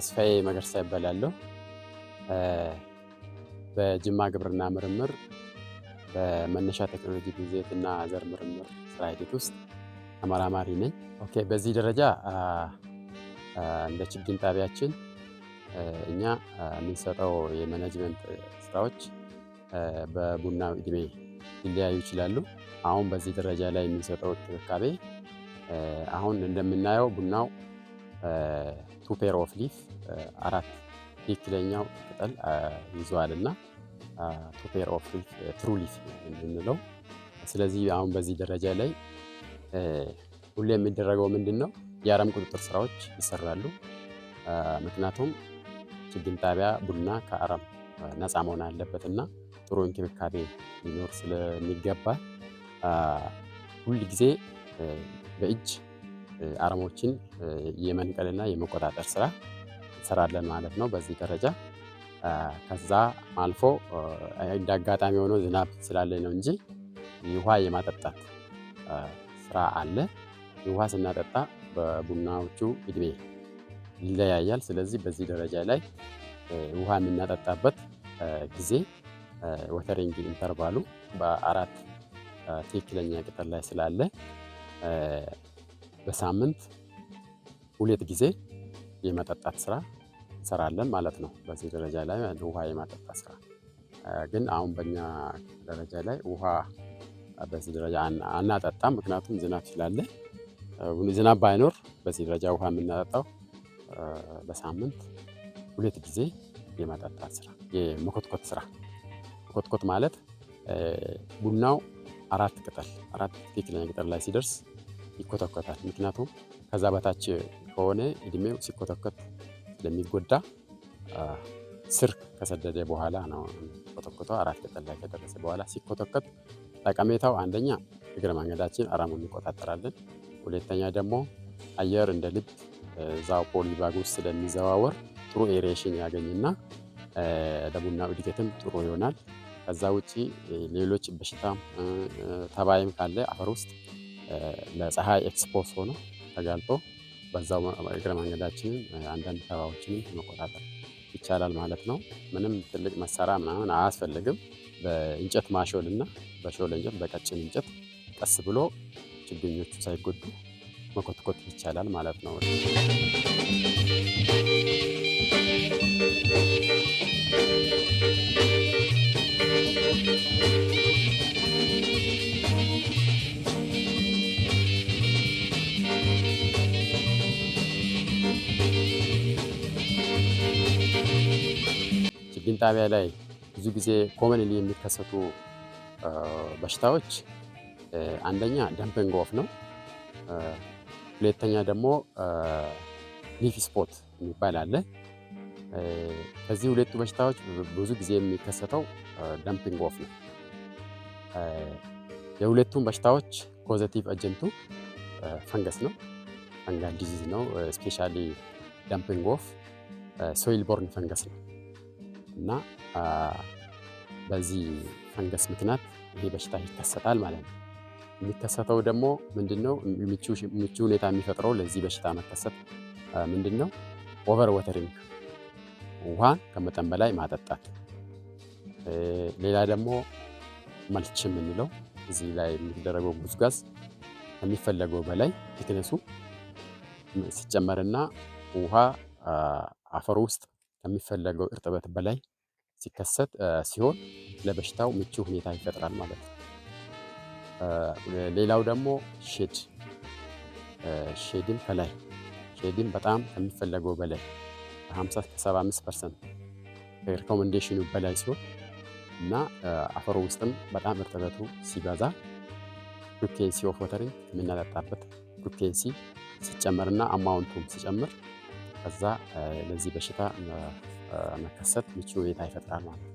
ተስፋዬ መገርሳ ይባላለሁ። በጅማ ግብርና ምርምር በመነሻ ቴክኖሎጂ ጊዜት እና ዘር ምርምር ስራ ሂደት ውስጥ ተመራማሪ ነኝ። ኦኬ በዚህ ደረጃ እንደ ችግኝ ጣቢያችን እኛ የምንሰጠው የመናጅመንት ስራዎች በቡና እድሜ ሊለያዩ ይችላሉ። አሁን በዚህ ደረጃ ላይ የምንሰጠው እንክብካቤ አሁን እንደምናየው ቡናው ቱ ፔር ኦፍ ሊፍ አራት ትክክለኛው ቅጠል ይዘዋል እና ቱ ፔር ኦፍ ሊፍ ትሩ ሊፍ የምንለው። ስለዚህ አሁን በዚህ ደረጃ ላይ ሁሌ የሚደረገው ምንድን ነው? የአረም ቁጥጥር ስራዎች ይሰራሉ። ምክንያቱም ችግኝ ጣቢያ ቡና ከአረም ነፃ መሆን አለበት እና ጥሩ እንክብካቤ ሊኖር ስለሚገባ ሁል ጊዜ በእጅ አረሞችን የመንቀልና የመቆጣጠር ስራ እንሰራለን ማለት ነው በዚህ ደረጃ። ከዛ አልፎ እንደ አጋጣሚ ሆኖ ዝናብ ስላለ ነው እንጂ ውሃ የማጠጣት ስራ አለ። ውሃ ስናጠጣ በቡናዎቹ እድሜ ይለያያል። ስለዚህ በዚህ ደረጃ ላይ ውሃ የምናጠጣበት ጊዜ ወተሪንግ ኢንተርቫሉ በአራት ትክክለኛ ቅጠል ላይ ስላለ በሳምንት ሁለት ጊዜ የመጠጣት ስራ እንሰራለን ማለት ነው። በዚህ ደረጃ ላይ ውሃ የማጠጣት ስራ ግን አሁን በእኛ ደረጃ ላይ ውሃ በዚህ ደረጃ አናጠጣም። ምክንያቱም ዝናብ ስላለ ዝናብ ባይኖር በዚህ ደረጃ ውሃ የምናጠጣው በሳምንት ሁለት ጊዜ የመጠጣት ስራ፣ የመኮትኮት ስራ። መኮትኮት ማለት ቡናው አራት ቅጠል አራት ትክክለኛ ቅጠል ላይ ሲደርስ ይኮተኮታል። ምክንያቱም ከዛ በታች ከሆነ እድሜው ሲኮተኮት ስለሚጎዳ ስር ከሰደደ በኋላ ነው ኮተኮቶ አራት ቅጠል ላይ ከደረሰ በኋላ ሲኮተኮት ጠቀሜታው አንደኛ እግረ መንገዳችን አረሙን እንቆጣጠራለን። ሁለተኛ ደግሞ አየር እንደ ልብ እዛው ፖሊ ውስጥ ስለሚዘዋወር ጥሩ ኤሬሽን ያገኝና ለቡና እድገትም ጥሩ ይሆናል። ከዛ ውጪ ሌሎች በሽታ ተባይም ካለ አፈር ውስጥ ለፀሐይ ኤክስፖስ ሆኖ ተጋልጦ በዛው እግረ መንገዳችንን አንዳንድ ተባዎችንም መቆጣጠር ይቻላል ማለት ነው። ምንም ትልቅ መሳሪያ ምናምን አያስፈልግም። በእንጨት ማሾል እና በሾል እንጨት፣ በቀጭን እንጨት ቀስ ብሎ ችግኞቹ ሳይጎዱ መኮትኮት ይቻላል ማለት ነው። ችግኝ ጣቢያ ላይ ብዙ ጊዜ ኮመንሊ የሚከሰቱ በሽታዎች አንደኛ ደምፒንግ ወፍ ነው። ሁለተኛ ደግሞ ሊፍ ስፖት የሚባል አለ። ከዚህ ሁለቱ በሽታዎች ብዙ ጊዜ የሚከሰተው ደምፒንግ ወፍ ነው። የሁለቱም በሽታዎች ኮዘቲቭ አጀንቱ ፈንገስ ነው፣ ፈንጋል ዲዚዝ ነው። ስፔሻሊ ደምፒንግ ወፍ ሶይል ቦርን ፈንገስ ነው። እና በዚህ ፈንገስ ምክንያት ይሄ በሽታ ይከሰታል ማለት ነው። የሚከሰተው ደግሞ ምንድነው? ምቹ ሁኔታ የሚፈጥረው ለዚህ በሽታ መከሰት ምንድነው? ኦቨር ወተሪንግ፣ ውሃ ከመጠን በላይ ማጠጣት። ሌላ ደግሞ መልች የምንለው እዚህ ላይ የሚደረገው ጉዝጓዝ ከሚፈለገው በላይ ቲክነሱ ሲጨመርና ውሃ አፈር ውስጥ ከሚፈለገው እርጥበት በላይ ሲከሰት ሲሆን ለበሽታው ምቹ ሁኔታ ይፈጥራል ማለት ነው። ሌላው ደግሞ ሼድ ሼድም ከላይ ሼድም በጣም ከሚፈለገው በላይ ከ50 እስከ 75 ፐርሰንት ከሪኮሜንዴሽኑ በላይ ሲሆን እና አፈሩ ውስጥም በጣም እርጥበቱ ሲበዛ ፍሪኩዌንሲ ኦፍ ወተሪንግ የምናጠጣበት ፍሪኩዌንሲ ሲጨመርና አማውንቱም ሲጨምር ከዛ ለዚህ በሽታ መከሰት ምቹ ሁኔታ ይፈጥራል ማለት ነው።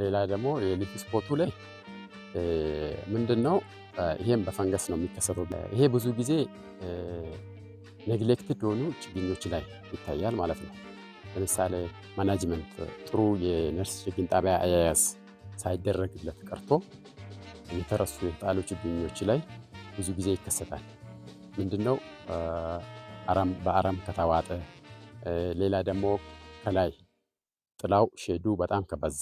ሌላ ደግሞ የሊግ ስፖቱ ላይ ምንድን ነው ይሄም በፈንገስ ነው የሚከሰተው። ይሄ ብዙ ጊዜ ኔግሌክትድ የሆኑ ችግኞች ላይ ይታያል ማለት ነው። ለምሳሌ ማናጅመንት ጥሩ የነርስ ችግኝ ጣቢያ አያያዝ ሳይደረግለት ቀርቶ የተረሱ የተጣሉ ችግኞች ላይ ብዙ ጊዜ ይከሰታል። ነው በአረም ከተዋጠ ሌላ ደግሞ ከላይ ጥላው ሼዱ በጣም ከበዛ፣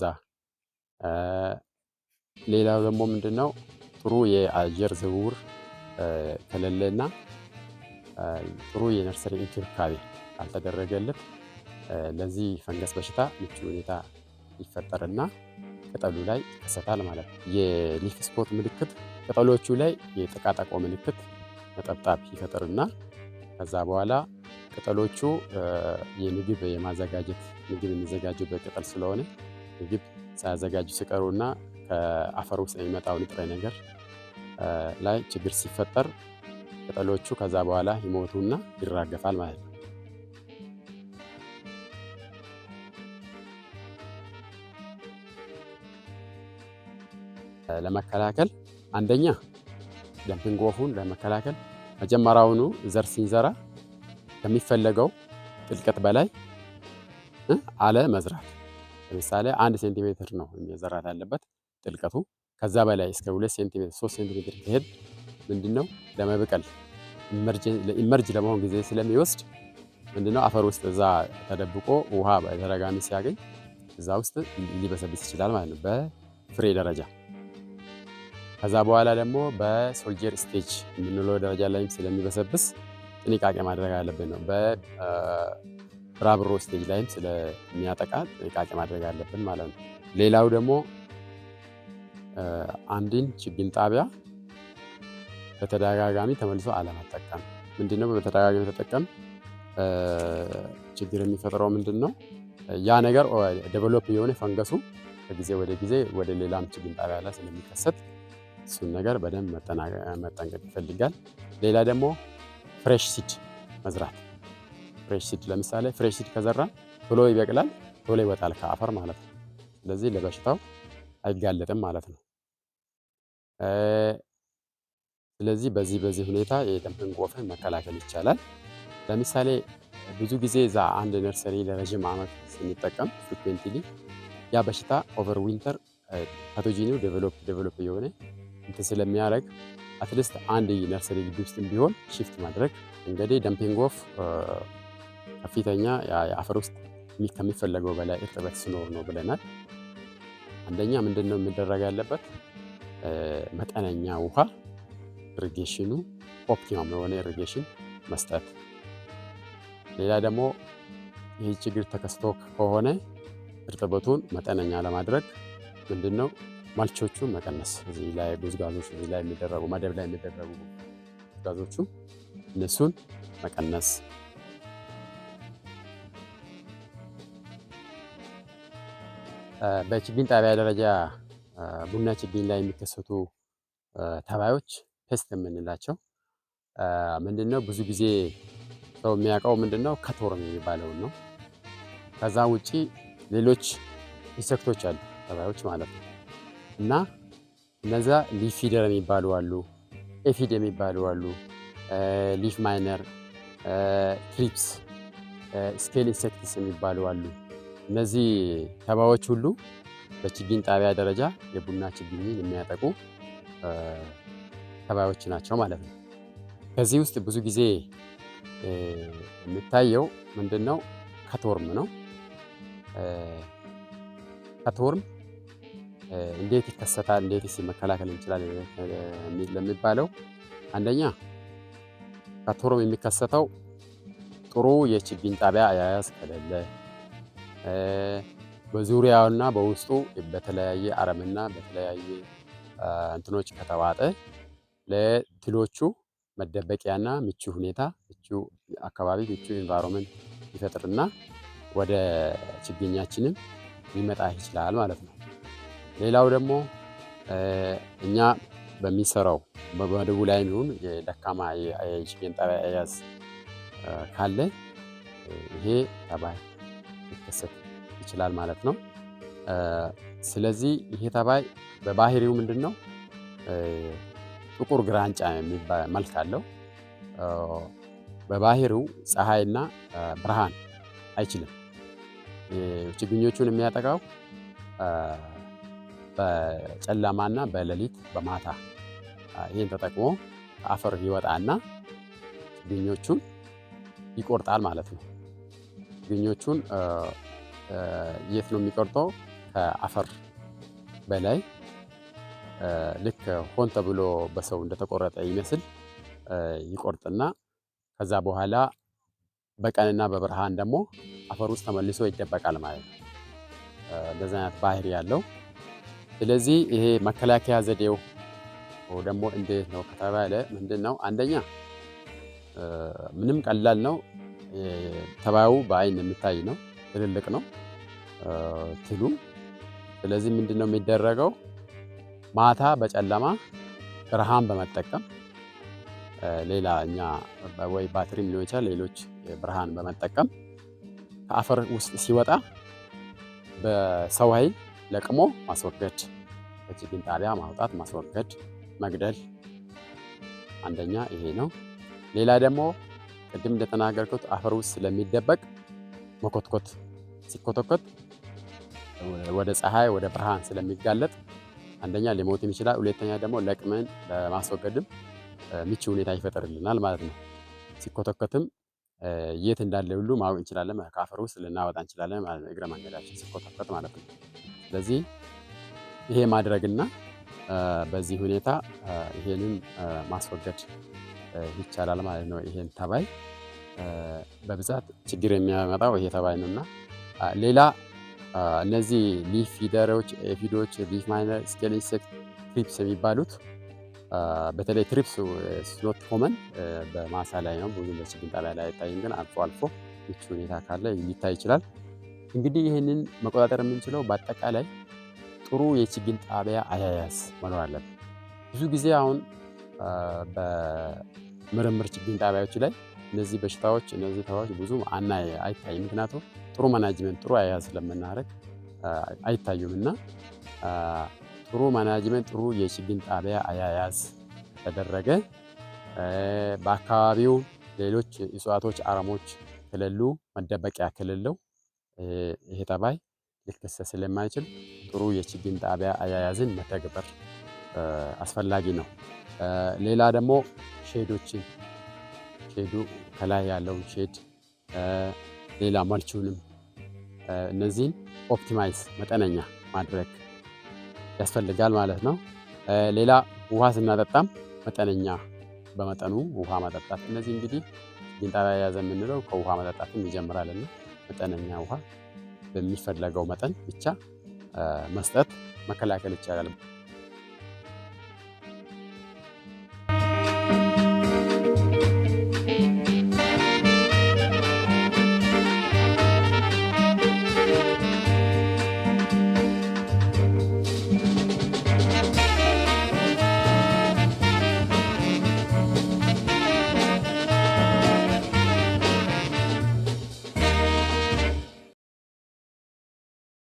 ሌላው ደግሞ ምንድነው ጥሩ የአየር ዝውውር ከሌለና ጥሩ የነርሰሪ እንክብካቤ ካልተደረገለት ለዚህ ፈንገስ በሽታ ምቹ ሁኔታ ይፈጠርና ቅጠሉ ላይ ይከሰታል ማለት ነው። የሊፍ ስፖት ምልክት ቅጠሎቹ ላይ የጠቃጠቆ ምልክት ነጠብጣብ ይፈጥርና ከዛ በኋላ ቅጠሎቹ የምግብ የማዘጋጀት ምግብ የሚዘጋጀው በቅጠል ስለሆነ ምግብ ሳያዘጋጁ እና ከአፈር ውስጥ የሚመጣው ንጥረ ነገር ላይ ችግር ሲፈጠር ቅጠሎቹ ከዛ በኋላ ይሞቱና ይራገፋል ማለት ነው። ለመከላከል አንደኛ ጃምፒንግ ወፉን ለመከላከል መጀመሪያውኑ ዘር ሲንዘራ ከሚፈለገው ጥልቀት በላይ አለ መዝራት። ለምሳሌ አንድ ሴንቲሜትር ነው መዘራት ያለበት ጥልቀቱ። ከዛ በላይ እስከ ሁለት ሴንቲሜትር ሶስት ሴንቲሜትር ሲሄድ ምንድነው ለመብቀል ኢመርጅ ለመሆን ጊዜ ስለሚወስድ ምንድነው አፈር ውስጥ እዛ ተደብቆ ውሃ በተደጋሚ ሲያገኝ እዛ ውስጥ ሊበሰብስ ይችላል ማለት ነው በፍሬ ደረጃ። ከዛ በኋላ ደግሞ በሶልጀር ስቴጅ የምንለው ደረጃ ላይም ስለሚበሰብስ ጥንቃቄ ማድረግ አለብን ነው። በራብሮ ስቴጅ ላይም ስለሚያጠቃ ጥንቃቄ ማድረግ አለብን ማለት ነው። ሌላው ደግሞ አንድን ችግኝ ጣቢያ በተደጋጋሚ ተመልሶ አለመጠቀም ምንድነው በተደጋጋሚ ተጠቀም ችግር የሚፈጥረው ምንድን ነው? ያ ነገር ዴቨሎፕ የሆነ ፈንገሱ ከጊዜ ወደ ጊዜ ወደ ሌላም ችግኝ ጣቢያ ላይ ስለሚከሰት እሱን ነገር በደንብ መጠንቀቅ ይፈልጋል። ሌላ ደግሞ ፍሬሽ ሲድ መዝራት። ፍሬሽ ሲድ ለምሳሌ ፍሬሽ ሲድ ከዘራ ቶሎ ይበቅላል፣ ቶሎ ይወጣል ከአፈር ማለት ነው። ስለዚህ ለበሽታው አይጋለጥም ማለት ነው። ስለዚህ በዚህ በዚህ ሁኔታ የደም እንቆፍን መከላከል ይቻላል። ለምሳሌ ብዙ ጊዜ ዛ አንድ ነርሰሪ ለረዥም ዓመት ስንጠቀም ፍሪኩዌንትሊ ያ በሽታ ኦቨር ዊንተር ፓቶጂኒው ዴቨሎፕ ዴቨሎፕ የሆነ እንትን ስለሚያደርግ አትሊስት አንድ ነርሰሪ ግቢ ውስጥ ቢሆን ሽፍት ማድረግ እንግዲህ ደምፒንግ ኦፍ ከፍተኛ የአፈር ውስጥ ከሚፈለገው በላይ እርጥበት ስኖር ነው ብለናል። አንደኛ ምንድን ነው የሚደረግ ያለበት መጠነኛ ውሃ ኢሪጌሽኑ ኦፕቲማም የሆነ ኢሪጌሽን መስጠት። ሌላ ደግሞ ይህ ችግር ተከስቶ ከሆነ እርጥበቱን መጠነኛ ለማድረግ ምንድን ነው ማልቾቹ መቀነስ እዚህ ላይ ጉዝጋዞች ጋዞች እዚህ ላይ የሚደረጉ መደብ ላይ የሚደረጉ ጉዝጋዞቹ እነሱን መቀነስ በችግኝ ጣቢያ ደረጃ ቡና ችግኝ ላይ የሚከሰቱ ተባዮች ፔስት የምንላቸው ምንድን ነው? ብዙ ጊዜ ሰው የሚያውቀው ምንድን ነው? ከቶር የሚባለውን ነው። ከዛ ውጪ ሌሎች ኢንሴክቶች አሉ፣ ተባዮች ማለት ነው። እና እነዛ ሊፍ ፊደር የሚባሉ አሉ፣ ኤፊድ የሚባሉ አሉ፣ ሊፍ ማይነር፣ ትሪፕስ፣ ስኬል ኢንሴክትስ የሚባሉ አሉ። እነዚህ ተባዎች ሁሉ በችግኝ ጣቢያ ደረጃ የቡና ችግኝን የሚያጠቁ ተባዮች ናቸው ማለት ነው። ከዚህ ውስጥ ብዙ ጊዜ የሚታየው ምንድን ነው? ከቶርም ነው። ከቶርም እንዴት ይከሰታል፣ እንዴትስ መከላከል እንችላለን ለሚባለው አንደኛ ከቶሮም የሚከሰተው ጥሩ የችግኝ ጣቢያ አያያዝ ከሌለ በዙሪያውና በውስጡ በተለያየ አረምና በተለያየ እንትኖች ከተዋጠ ለትሎቹ መደበቂያና ምቹ ሁኔታ ምቹ አካባቢ ምቹ ኢንቫይሮመንት ይፈጥርና ወደ ችግኛችንም ሊመጣ ይችላል ማለት ነው። ሌላው ደግሞ እኛ በሚሰራው በመደቡ ላይ የሚሆን የደካማ የሽገንጠር አያያዝ ካለ ይሄ ተባይ ሊከሰት ይችላል ማለት ነው። ስለዚህ ይሄ ተባይ በባህሪው ምንድን ነው? ጥቁር ግራንጫ የሚባል መልክ አለው። በባህሪው ፀሐይና ብርሃን አይችልም። ችግኞቹን የሚያጠቃው በጨለማና በሌሊት በማታ ይህን ተጠቅሞ አፈር ይወጣና ችግኞቹን ይቆርጣል ማለት ነው። ችግኞቹን የት ነው የሚቆርጠው? ከአፈር በላይ ልክ ሆን ተብሎ በሰው እንደተቆረጠ ይመስል ይቆርጥና ከዛ በኋላ በቀንና በብርሃን ደግሞ አፈር ውስጥ ተመልሶ ይደበቃል ማለት ነው። እንደዚህ አይነት ባህሪ ያለው ስለዚህ ይሄ መከላከያ ዘዴው ደግሞ እንዴት ነው ከተባለ ምንድን ነው አንደኛ ምንም ቀላል ነው። ተባዩ በአይን የሚታይ ነው፣ ትልልቅ ነው ትሉ። ስለዚህ ምንድን ነው የሚደረገው? ማታ በጨለማ ብርሃን በመጠቀም ሌላ እኛ ወይ ባትሪም ሊሆን ይችላል፣ ሌሎች ብርሃን በመጠቀም ከአፈር ውስጥ ሲወጣ በሰው ኃይል ለቅሞ ማስወገድ፣ ከችግኝ ጣቢያ ማውጣት፣ ማስወገድ፣ መግደል አንደኛ ይሄ ነው። ሌላ ደግሞ ቅድም እንደተናገርኩት አፈር ውስጥ ስለሚደበቅ መኮትኮት፣ ሲኮተኮት ወደ ፀሐይ ወደ ብርሃን ስለሚጋለጥ አንደኛ ሊሞትም ይችላል። ሁለተኛ ደግሞ ለቅመን ለማስወገድም ምቹ ሁኔታ ይፈጠርልናል ማለት ነው። ሲኮተኮትም የት እንዳለ ሁሉ ማወቅ እንችላለን። ከአፈር ውስጥ ልናወጣ እንችላለን ማለት ነው። እግረ መንገዳችን ሲኮተኮት ማለት ነው። ስለዚህ ይሄ ማድረግና በዚህ ሁኔታ ይሄንን ማስወገድ ይቻላል ማለት ነው። ይሄን ተባይ በብዛት ችግር የሚያመጣው ይሄ ተባይ ነው እና ሌላ እነዚህ ሊፍ ፊደሮች፣ ፊዶች ሊፍ ማይነር፣ ስኬል ኢንሴክት፣ ትሪፕስ የሚባሉት በተለይ ትሪፕስ ስኖት ኮመን በማሳ ላይ ነው ብዙ በችግኝ ጣቢያ ላይ አይታይም፣ ግን አልፎ አልፎ ምቹ ሁኔታ ካለ ሊታይ ይችላል። እንግዲህ ይህንን መቆጣጠር የምንችለው በአጠቃላይ ጥሩ የችግኝ ጣቢያ አያያዝ መኖር አለብን። ብዙ ጊዜ አሁን በምርምር ችግኝ ጣቢያዎች ላይ እነዚህ በሽታዎች እነዚህ ተባዮች ብዙ አና አይታይ ምክንያቱም ጥሩ ማናጅመንት ጥሩ አያያዝ ስለምናደርግ አይታዩም እና ጥሩ ማናጅመንት ጥሩ የችግኝ ጣቢያ አያያዝ ተደረገ በአካባቢው ሌሎች እጽዋቶች አረሞች ክልሉ መደበቂያ ክልለው ይሄ ተባይ ሊከሰት ስለማይችል ጥሩ የችግኝ ጣቢያ አያያዝን መተግበር አስፈላጊ ነው። ሌላ ደግሞ ሼዶችን ሼዱ ከላይ ያለውን ሼድ ሌላ መልቹንም እነዚህን ኦፕቲማይዝ መጠነኛ ማድረግ ያስፈልጋል ማለት ነው። ሌላ ውሃ ስናጠጣም መጠነኛ በመጠኑ ውሃ ማጠጣት። እነዚህ እንግዲህ ግንጣቢያ የያዘ የምንለው ከውሃ መጠጣትም ይጀምራልና መጠነኛ ውሃ በሚፈለገው መጠን ብቻ መስጠት መከላከል ይቻላል።